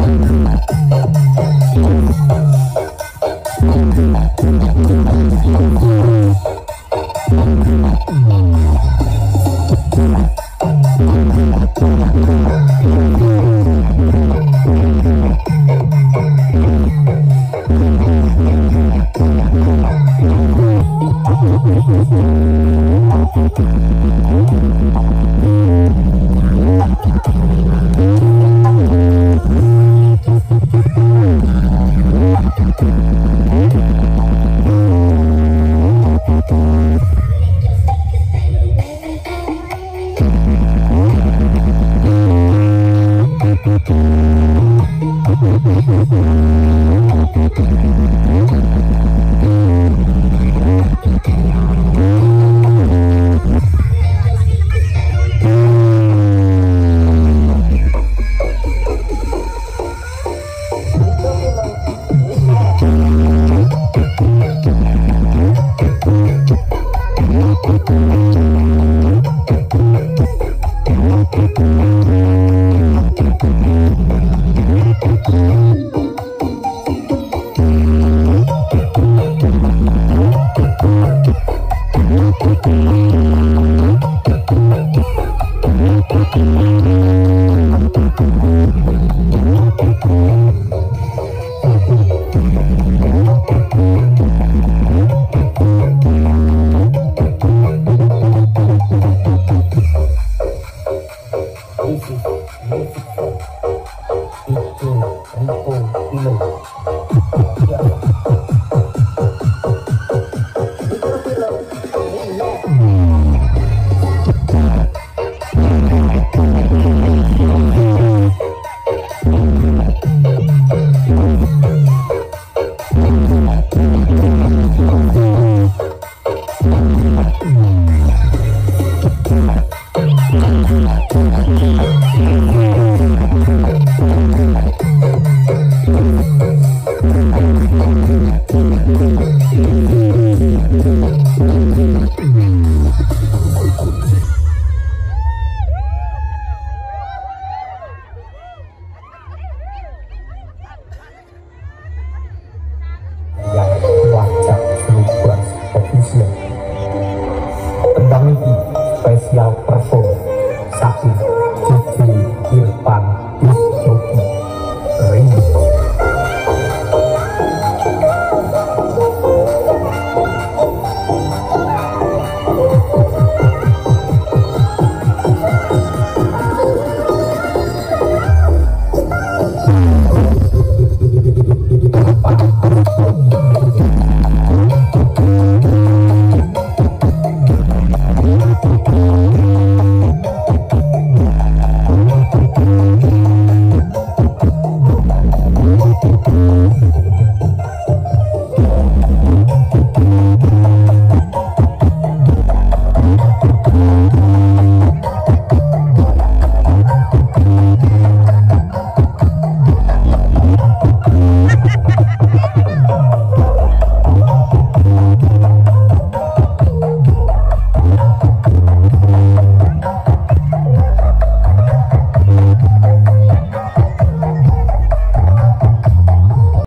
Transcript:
Mm-hmm. Oh, my God. Oh,